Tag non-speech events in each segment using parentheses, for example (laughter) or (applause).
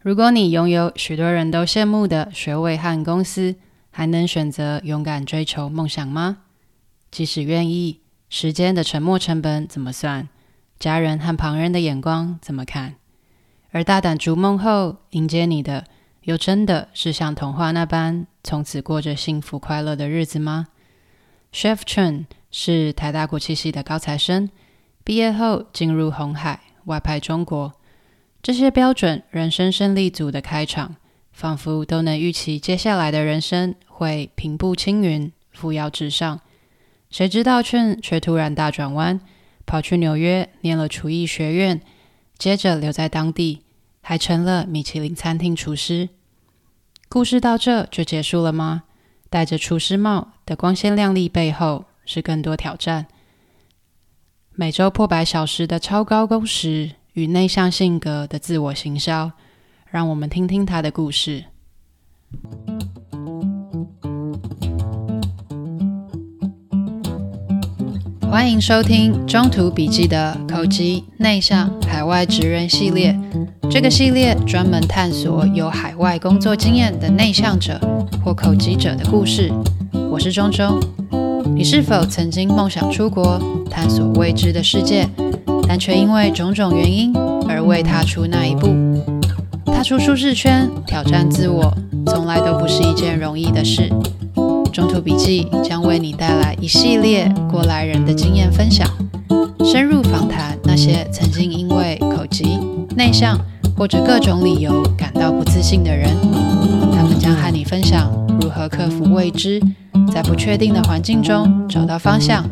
如果你擁有許多人都羨慕的學位和公司，還能選擇勇敢追求夢想嗎？即使願意，時間的沉沒成本怎麼算？家人和旁人的眼光怎麼看？而大膽逐夢後，迎接你的，又真的是像童話那般，從此過着幸福快樂的日子嗎？Chef Chun 主持人是台大國企系的高材生，畢業後進入鴻海外派中國。這些標準人生勝利組的開場，仿佛都能預期接下來的人生會平步青雲、扶搖直上。誰知道，Chun 卻突然大轉彎，跑去紐約念了廚藝學院，接着留在當地，還成了米其林餐廳廚師。故事到這就結束了嗎？戴着廚師帽的光鮮亮麗背後，是更多挑戰。每週破百小時的超高工時。與內向性格的自我行銷，讓我們聽聽他的故事。歡迎收聽中途筆記的口吃內向海外職人系列。這個系列專門探索有海外工作經驗的內向者或口吃者的故事。我是中中。你是否曾經夢想出國，探索未知的世界？但卻因為種種原因而未踏出那一步。踏出舒適圈，挑戰自我，從來都不是一件容易的事。中途筆記將為你帶來一系列過來人的經驗分享，深入訪談那些曾經因為口疾、內向或者各種理由感到不自信的人，他們將和你分享如何克服未知，在不確定的環境中找到方向。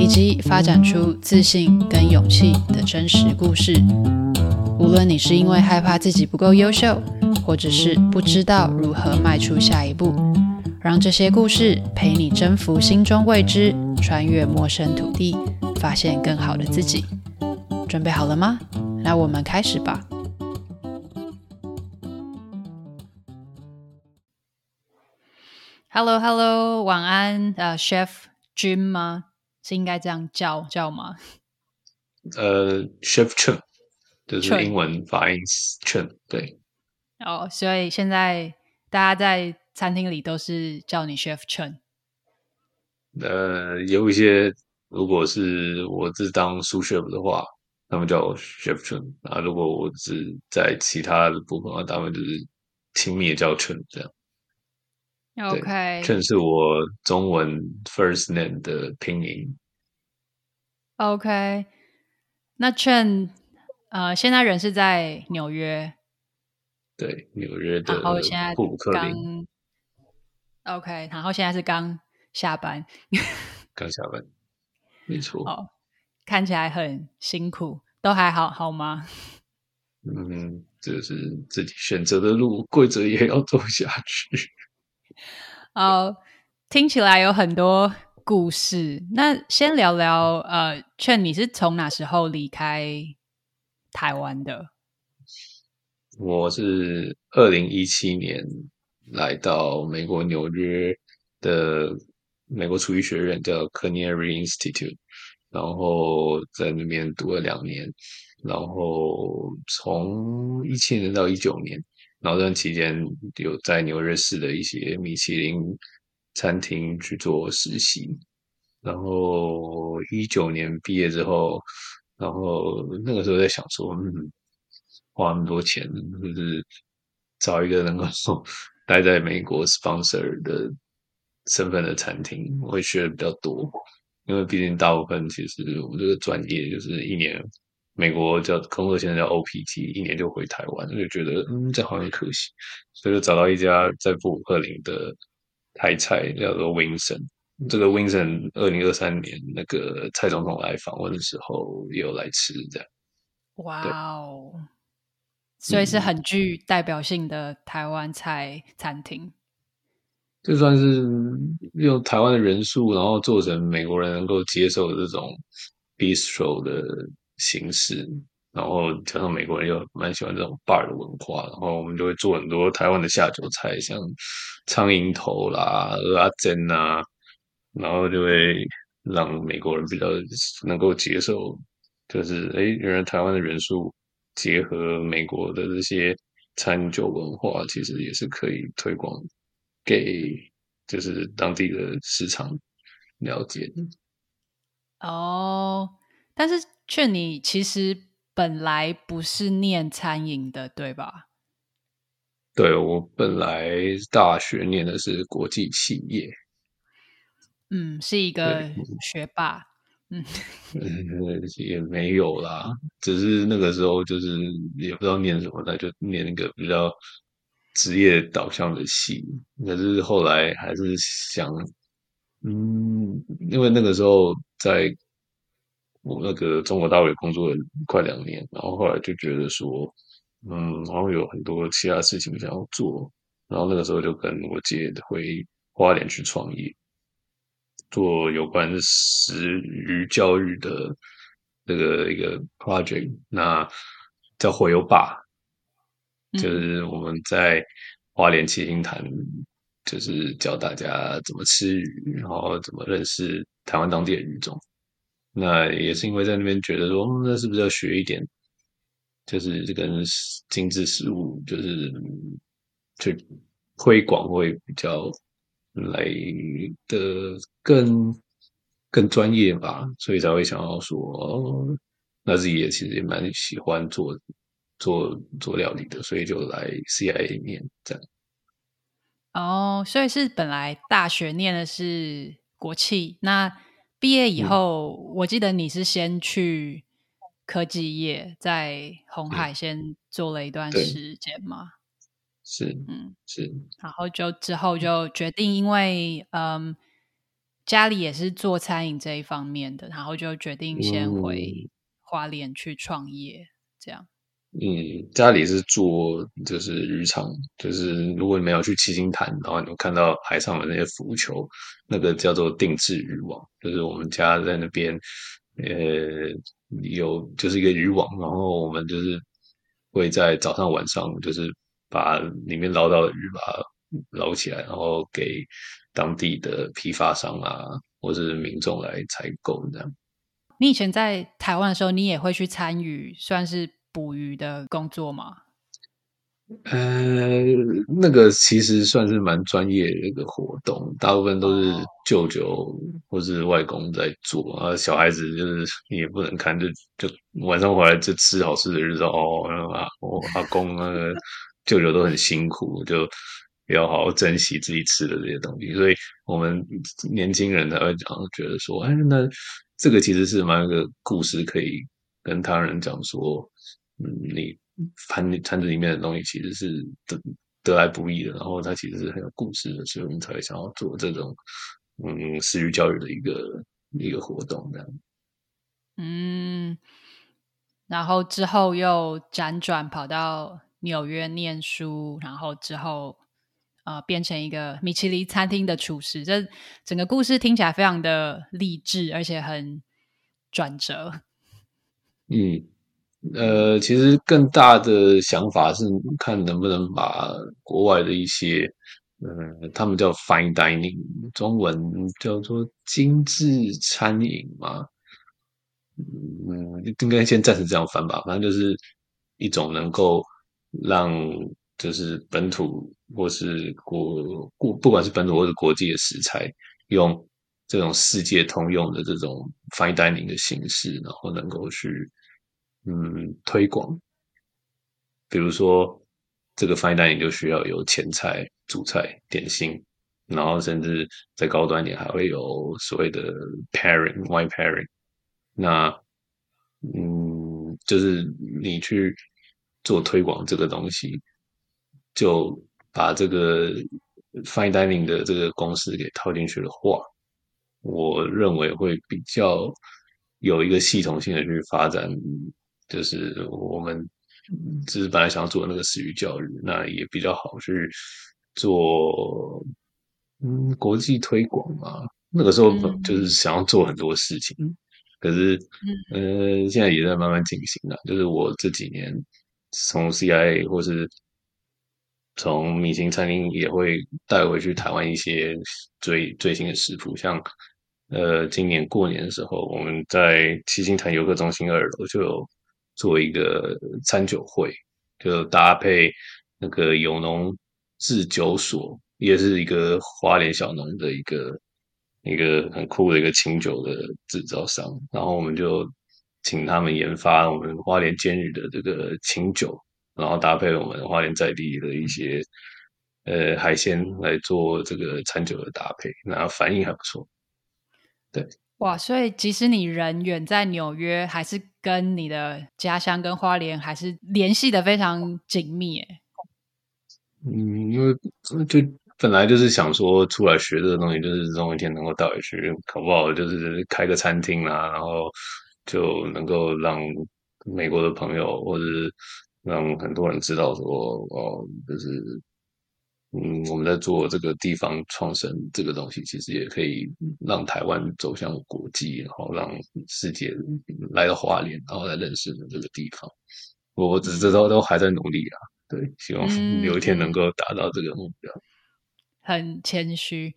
以及發展出自信跟勇氣的真實故事。無論你是因為害怕自己不夠優秀，或者是不知道如何邁出下一步，讓這些故事陪你征服心中未知，穿越陌生土地，發現更好的自己。準備好了嗎？那我們開始吧。Hello，Hello，hello, 晚安啊、uh,，Chef Chun 嗎？是應該這樣叫叫嗎？呃、uh,，Chef Chun，就是英文發音，Chun, Chun。對。哦、oh,，所以現在大家在餐廳裡都是叫你 Chef Chun。呃、uh,，有一些，如果是我是當 sous chef 的話，他們叫我 Chef Chun 啊；如果我是在其他的部分，那他們就是親密的叫 Chun。這樣。OK，Chun、okay. 是我中文 first name 的拼音。OK，那 Chun 呃，現在人是在紐約。對，紐約的。然後現在剛。布魯克林。OK，然後現在是剛下班。 (laughs) 剛下班。沒錯、哦。看起來很辛苦，都還好，好嗎？嗯，就是自己選擇的路，跪着也要走下去。 (laughs) 哦，聽起來有很多。故事。那先聊聊，呃，Chun 你是從哪時候離開台灣的？我是二零一七年來到美國紐約的美國廚藝學院，叫 Culinary Institute，然後在那邊讀了兩年，然後從一七年到一九年，然後這段期間有在紐約市的一些米其林。餐廳去做實習，然後一九年畢業之後，然後那個時候在想說，嗯，花那麼多錢，就是找一個能夠說待在美國 sponsor 的身份的餐廳，我會學的比較多，因為畢竟大部分其實我們這個專業就是一年美國叫工作現在叫 OPT，一年就回台灣，就覺得嗯，這好像很可惜，所以就找到一家在布魯克林的。台菜叫做 Winson 這個 Winson 二零二三年那個蔡總統來訪問的時候有來吃的，哇哦、wow.！所以是很具代表性的台灣菜餐廳、嗯，就算是用台灣的人數，然後做成美國人能夠接受的這種 Bistro 的形式。然後加上美國人又蠻喜歡這種 bar 的文化，然後我們就會做很多台灣的下酒菜，像蒼蠅頭啦、阿珍吶，然後就會讓美國人比較能夠接受。就是誒原來台灣的元素結合美國的這些餐酒文化，其實也是可以推廣給就是當地的市場了解的。哦、oh,，但是勸你其實。本來不是念餐飲的，對吧？對，我本來大學念的是國際企業，嗯，是一個學霸，嗯， (laughs) 嗯，也沒有啦，只是那個時候就是也不知道念什麼，那就念那個比較職業導向的系，可是後來還是想，嗯，因為那個時候在。我那個中國大陸，也工作了快兩年，然後後來就覺得說，嗯，好像有很多其他事情想要做，然後那個時候就跟我姐回花蓮去創業，做有關食魚教育的這個一個 project，那叫火油霸，就是我們在花蓮七星潭，就是教大家怎麼吃魚，然後怎麼認識台灣當地的魚種。那也是因為在那邊覺得說，那是不是要學一點，就是這個精緻食物，就是去推廣會比較來的更更專業吧，所以才會想要說，哦，那自己也其實也蠻喜歡做做做料理的，所以就來 CIA 念這樣。哦，oh，所以是本來大學念的是國企，那。畢業以後、嗯，我記得你是先去科技業，在鴻海先做了一段時間嘛，嗯？是，嗯，是，然後就之後就決定，因為嗯，家裡也是做餐飲這一方面的，然後就決定先回花蓮去創業，嗯，這樣。嗯，家裡是做就是漁場，就是如果你沒有去七星潭，然後你會看到海上的那些浮球，那個叫做定置漁網，就是我們家在那邊，呃，有就是一個漁網，然後我們就是會在早上晚上就是把裡面撈到的魚把它撈起來，然後給當地的批發商啊，或是民眾來採購這樣。你以前在台灣的時候，你也會去參與，算是。捕魚的工作嗎？呃，那個其實算是蠻專業的一個活動，大部分都是舅舅或是外公在做，oh. 啊、小孩子就是也不能看，就就晚上回來就吃好吃的日子，知道哦。然後阿公那個、啊、 (laughs) 舅舅都很辛苦，就要好好珍惜自己吃的這些東西。所以我們年輕人呢，才會覺得說，哎，那這個其實是蠻一個故事，可以跟他人講說。嗯、你盤餐子裡面的東西其實是得得來不易的，然後它其實是很有故事的，所以我們才想要做這種嗯私域教育的一個一個活動這樣。嗯，然後之後又輾轉跑到紐約念書，然後之後啊、呃、變成一個米其林餐廳的廚師，這整個故事聽起來非常的勵志，而且很轉折。嗯。呃，其實更大的想法是看能不能把國外的一些，呃，他們叫 fine dining，中文叫做精緻餐飲嘛，嗯、呃，應該先暫時這樣翻吧。反正就是一種能夠讓就是本土或是國國，不管是本土或是國際的食材，用這種世界通用的這種 fine dining 的形式，然後能夠去。嗯，推廣，比如說這個 fine dining 就需要有前菜、主菜、點心，然後甚至在高端點還會有所謂的 pairing wine pairing。那，嗯，就是你去做推廣這個東西，就把這個 fine dining 的這個公式給套進去的話，我認為會比較有一個系統性的去發展。就是我們就是本來想要做那個食魚教育，嗯，那也比較好去做嗯，國際推廣嘛。那個時候就是想要做很多事情，嗯、可是、嗯、呃，現在也在慢慢進行了，嗯。就是我這幾年從 CIA 或是從米其林餐廳也會帶回去台灣一些最最新的食譜，像呃，今年過年的時候，我們在七星潭遊客中心二樓就有。做一個餐酒會，就搭配那個有農製酒所，也是一個花蓮小農的一個一個很酷的一個清酒的製造商。然後我們就請他們研發我們花蓮監獄的這個清酒，然後搭配我們花蓮在地的一些、嗯、呃海鮮來做這個餐酒的搭配，然後反應還不錯。對，哇！所以即使你人遠在紐約，還是。跟你的家鄉跟花蓮還是聯繫的非常緊密，欸，嗯，因為就本來就是想說出來學這個東西，就是總有一天能夠帶回去，搞不好，就是開個餐廳啊，然後就能夠讓美國的朋友，或是讓很多人知道說，哦，就是。嗯，我們在做這個地方創生這個東西，其實也可以讓台灣走向國際，然後讓世界來到花蓮，然後來認識這個地方。我我只知道都還在努力啊，對，希望有一天能夠達到這個目標。嗯、很謙虛，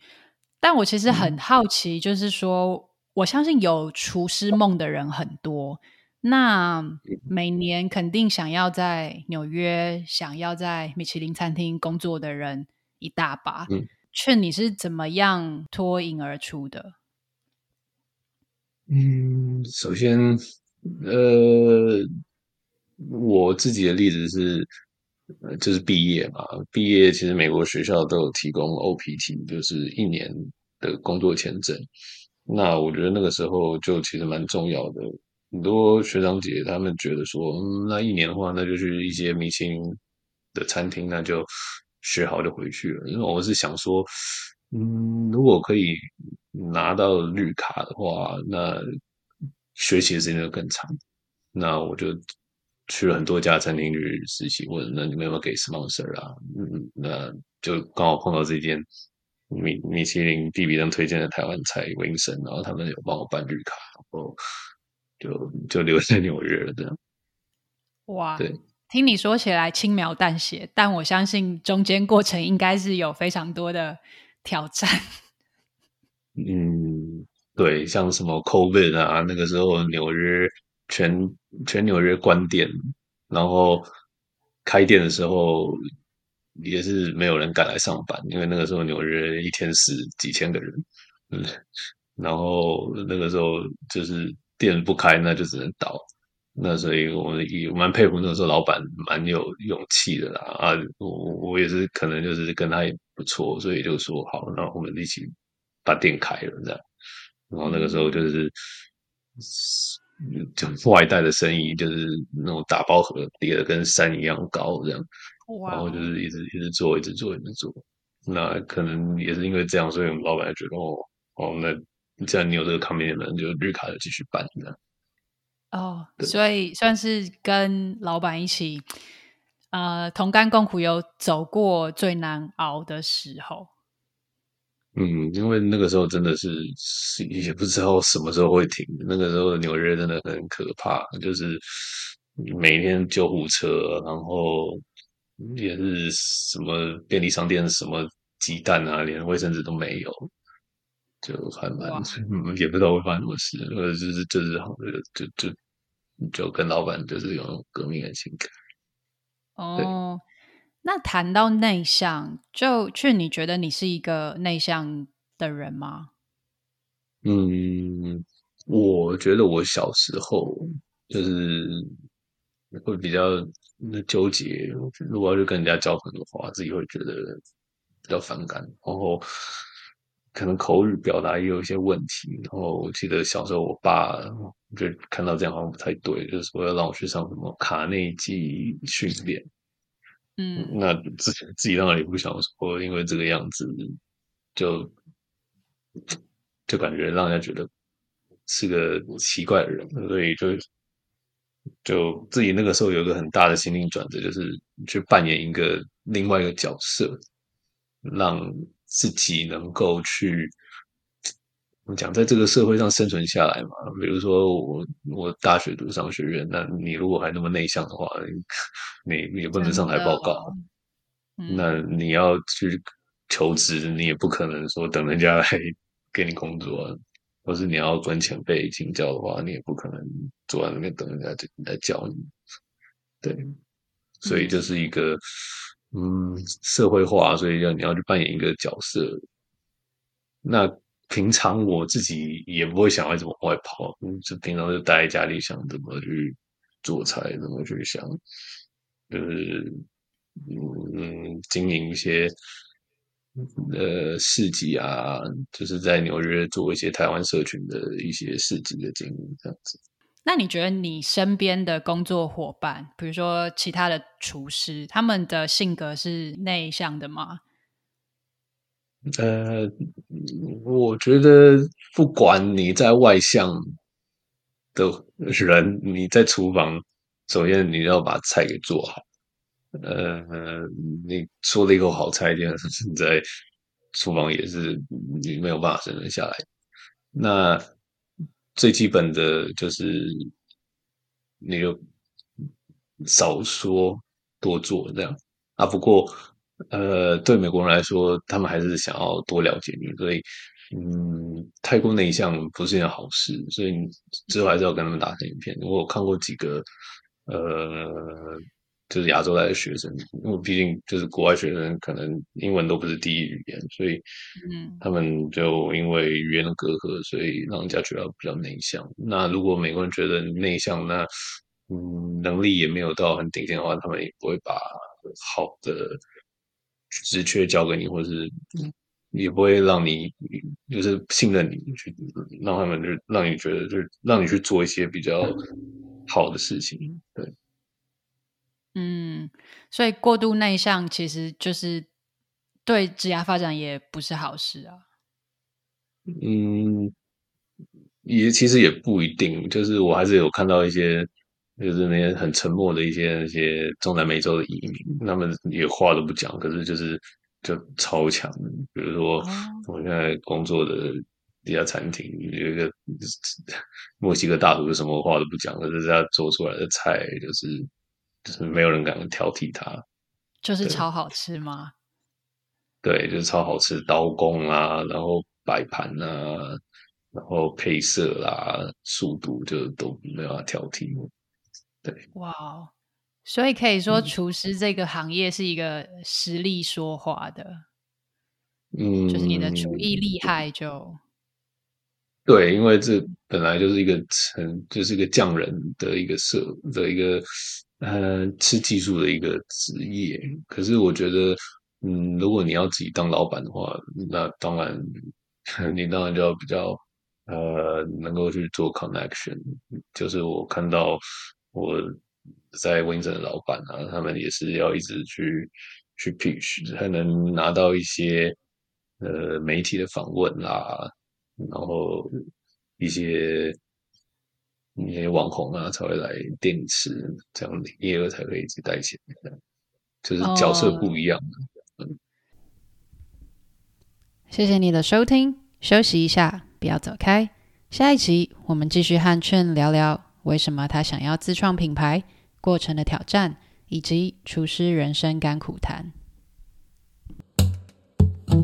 但我其實很好奇，就是說、嗯，我相信有廚師夢的人很多。那每年肯定想要在紐約、想要在米其林餐廳工作的人一大把，嗯，Chun 你是怎麼樣脫穎而出的？嗯，首先，呃，我自己的例子是，呃，就是畢業嘛，畢業其實美國學校都有提供 OPT，就是一年的工作簽證。那我覺得那個時候就其實蠻重要的。很多學長姐姐他們覺得說，嗯，那一年的話，那就去一些米其林的餐廳，那就學好就回去了。因為我是想說，嗯，如果可以拿到綠卡的話，那學習的時間就更長。那我就去了很多家餐廳去實習，問，那你們有沒有給 sponsor 啊？嗯，那就剛好碰到這間米米其林必比登推薦的台灣菜 Win Son，然後他們有幫我辦綠卡，然後。就就留在紐約了，這樣。哇，對，聽你說起來輕描淡寫，但我相信中間過程應該是有非常多的挑戰。嗯，對，像什麼 COVID 啊，那個時候紐約全全紐約關店，然後開店的時候也是沒有人敢來上班，因為那個時候紐約一天死幾千個人，嗯，然後那個時候就是。店不開，那就只能倒。那所以我，我也蠻佩服那個時候老闆蠻有勇氣的啦。啊，我我也是，可能就是跟他也不錯，所以就說好，那我們一起把店開了這樣。然後那個時候就是，嗯，就外帶的生意就是那種打包盒疊的跟山一樣高這樣。哇！然後就是一直一直做，一直做，一直做。那可能也是因為這樣，所以我們老板覺得哦哦那。這樣你有這個 commitment，就綠卡就繼續辦。這、oh, 哦，所以算是跟老闆一起，呃，同甘共苦，有走過最難熬的時候。嗯，因為那個時候真的是是也不知道什麼時候會停。那個時候紐約真的很可怕，就是每天救護車、啊，然後也是什麼便利商店，什麼雞蛋啊，連衛生紙都沒有。就還蠻，也不知道會發生什麼事，或者就是就是，好、就是，就就就，就跟老闆就是有革命的情感。哦，那談到內向，就就你覺得你是一個內向的人嗎？嗯，我覺得我小時候就是會比較那糾結，如果要去跟人家交朋友的話，自己會覺得比較反感，然後。可能口語表達也有一些問題。然後我記得小時候，我爸就看到這樣，好像不太對，就是說要讓我去上什麼卡內基訓練。嗯，那自己自己當然也不想說，因為這個樣子就就感覺讓人家覺得是個奇怪的人，所以就就自己那個時候有一個很大的心靈轉折，就是去扮演一個另外一個角色，讓。自己能夠去怎麼講，在這個社會上生存下來嘛。比如說我，我我大學讀商學院，那你如果還那麼內向的話，你，你也不能上台報告。嗯。那你要去求職，你也不可能說等人家來給你工作，或是你要跟前輩請教的話，你也不可能坐在那邊等人家來來教你。對，所以就是一個。嗯嗯，社會化，所以要你要去扮演一個角色。那平常我自己也不會想要怎麼外跑，就平常就待在家裡，想怎麼去做菜，怎麼去想，就是嗯，經營一些呃市集啊，就是在紐約做一些台灣社群的一些市集的經營，這樣子。那你覺得你身邊的工作夥伴，比如說其他的廚師，他們的性格是內向的嗎？呃，我覺得不管你再外向的人，你在廚房，首先你要把菜給做好。呃，你說了一口好菜，你在廚房也是你沒有辦法生存下來。那。最基本的就是你就少說多做這樣啊。不過，呃，對美國人來說，他們還是想要多了解你，所以，嗯，太過內向不是一件好事。所以，之後還是要跟他們打成一片。我有看過幾個，呃。就是亞洲來的學生，因為畢竟就是國外學生，可能英文都不是第一語言，所以，嗯，他們就因為語言的隔閡，所以讓人家覺得比較內向。那如果美國人覺得內向，那嗯，能力也沒有到很頂尖的話，他們也不會把好的職缺交給你，或者是也不會讓你就是信任你去，讓他們就是讓你覺得就是讓你去做一些比較好的事情，對。嗯，所以過度內向其實就是對職業發展也不是好事啊。嗯，也其實也不一定，就是我還是有看到一些，就是那些很沉默的一些那些中南美洲的移民，嗯，他們也話都不講，可是就是就超強的。比如說，哦，我現在工作的地下餐廳有一個墨西哥大廚，什麼話都不講，可是他做出來的菜就是。就是沒有人敢挑剔他，就是超好吃嗎？對，就是超好吃，刀工啊，然後擺盤啊，然後配色啊，速度就都沒有辦法挑剔。對，哇，wow，所以可以說廚師這個行業是一個實力說話的。嗯，就是你的廚藝厲害就對，因為這本來就是一個成，就是一個匠人的一個設的一個。呃，是技術的一個職業，可是我覺得，嗯，如果你要自己當老闆的話，那當然，你當然就要比較，呃，能夠去做 connection。就是我看到我在 Winzer 的老闆啊，他們也是要一直去去 pitch，才能拿到一些呃媒體的訪問啦、啊，然後一些。那些網紅啊才會來電池這樣，營業額才可以一直帶錢，就是角色不一樣、哦。嗯，謝謝你的收聽，休息一下，不要走開。下一集我們繼續和 Chun 聊聊為什麼他想要自創品牌，過程的挑戰，以及廚師人生甘苦談。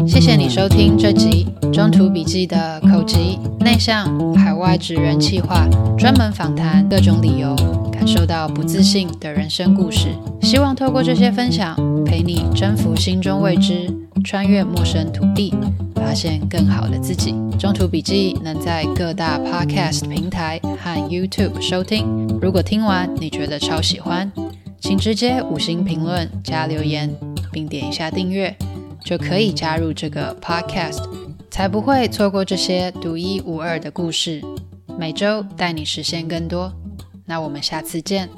謝謝你收聽這集中途筆記的口集內向海外職人企劃，專門訪談各種理由感受到不自信的人生故事，希望透過這些分享陪你征服心中未知，穿越陌生土地，發現更好的自己。中途筆記能在各大 Podcast 平台和 YouTube 收聽。如果聽完你覺得超喜歡，請直接五星評論加留言，並點一下訂閱。就可以加入這個 podcast，才不會錯過這些獨一無二的故事。每週帶你實現更多。那我們下次見。